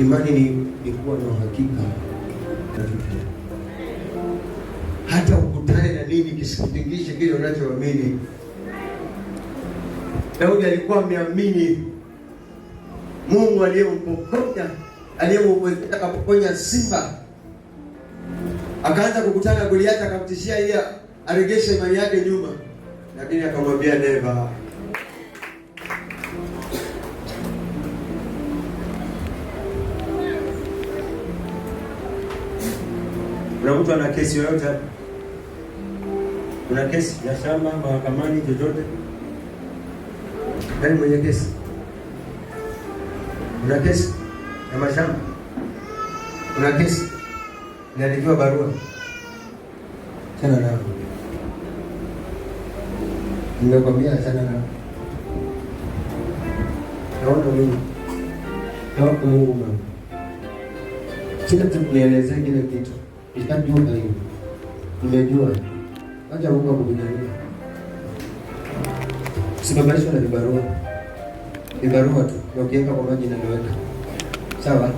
Imani ni, ni kuwa na uhakika hata ukutane na nini kisikutingishe kile unachoamini. Daudi alikuwa ameamini Mungu aliyempokonya aliyemwekea akapokonya simba, akaanza kukutana Goliathi, akamtishia yeye aregeshe imani yake nyuma, lakini akamwambia never Kuna mtu ana kesi yoyote hapa? Kuna kesi ya shamba mahakamani chochote? Nani mwenye kesi? Kuna kesi ya mashamba? Kuna kesi inaandikiwa barua? Achana nao, nimekwambia achana nao. Naona Mungu, naona Mungu mama, kila mtu kunielezea kila kitu Nishajua hiyo. Nimejua. Acha Mungu akujalie. Usibabaishwe na vibarua. Vibarua tu. Na ukiweka kwa maji inaloweka. Sawa?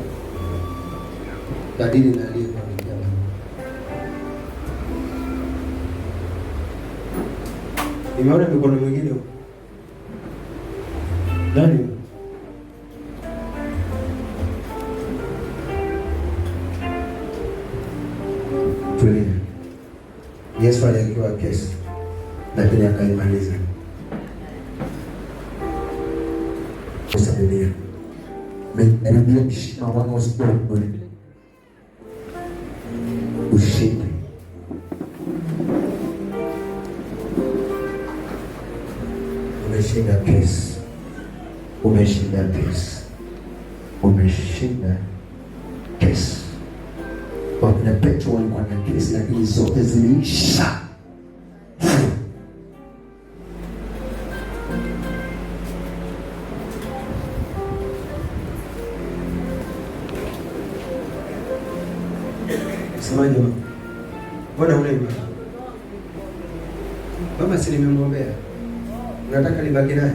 Kadiri na aliye Nimeona mikono mingine. Nani? safari akiwa pesa, lakini akaimaliza Biblia. Nimekaribia heshima wanaosikua kweli, ushindi umeshinda pesa, umeshinda pesa, umeshinda pesa. wakina Petro walikuwa na kesi, lakini zote zimeisha. Semaje mbona ule baba, si nimemwombea, nataka libaki naye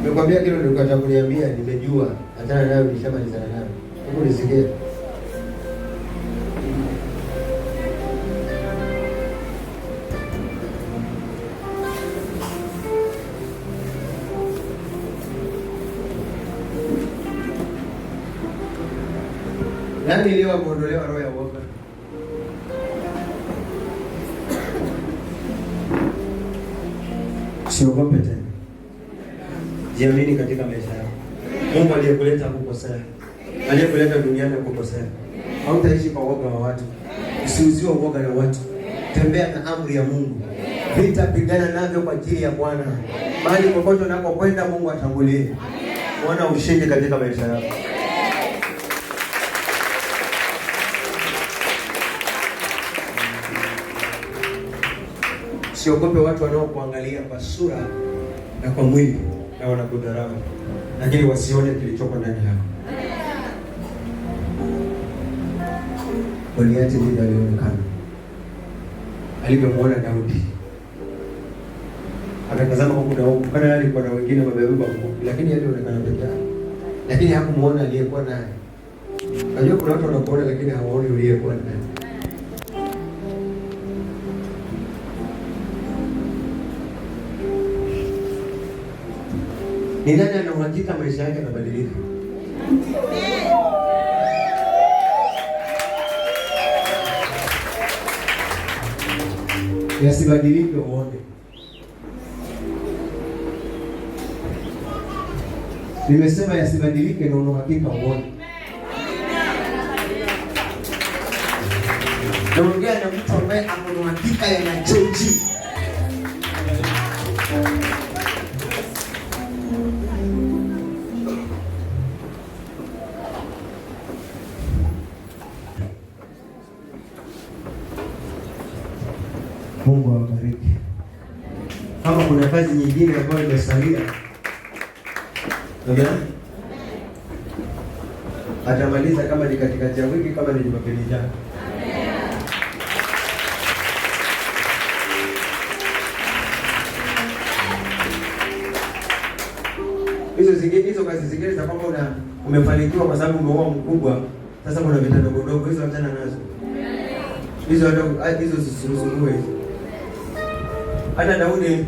Nimekwambia kile nilikuwa kuniambia, nimejua achana nayo, nishamalizana nayo. Huko nisikie. Nani leo ameondolewa roho ya uoga? Siogope tena. Jiamini katika maisha yako. Mungu aliyekuleta hakukosea. Aliyekuleta duniani hakukosea. Hautaishi kwa uoga wa watu. Usiuziwe uoga na watu. Tembea na amri ya Mungu. Vita pigana navyo kwa ajili ya Bwana. bali popote unapokwenda Mungu atangulie. Muona ushindi katika maisha yako. Siogope watu wanaokuangalia kwa sura na kwa mwili na wanakudharau, lakini wasione kilichoko ndani yako. Goliathi ndivyo alionekana alivyomwona Daudi, akatazama kwa kuna ukana, alikuwa na wengine wamebeba, lakini alionekana peke yake, lakini hakumwona aliyekuwa naye. Unajua kuna watu wanakuona, lakini hawaoni uliyekuwa naye. Ni nani anauhakika maisha yake yanabadilika? Yasibadilike uone. Nimesema yasibadilike na unauhakika uone. Naongea na mtu ambaye ana uhakika yanajua Mungu awabariki. Kama kuna kazi nyingine ambayo imesalia, amen, atamaliza kama ni katikati ya wiki, kama ni Jumapili ijayo. Hizo zingine, hizo kazi zingine za kwamba una umefanikiwa kwa sababu umeoa mkubwa, sasa kuna vitu ndogo ndogo, hizo achana nazo, hizo hata ah, hizo zisizungue hizo hata Daudi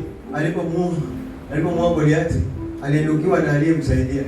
alipomua Goliathi aliendukiwa na aliyemsaidia.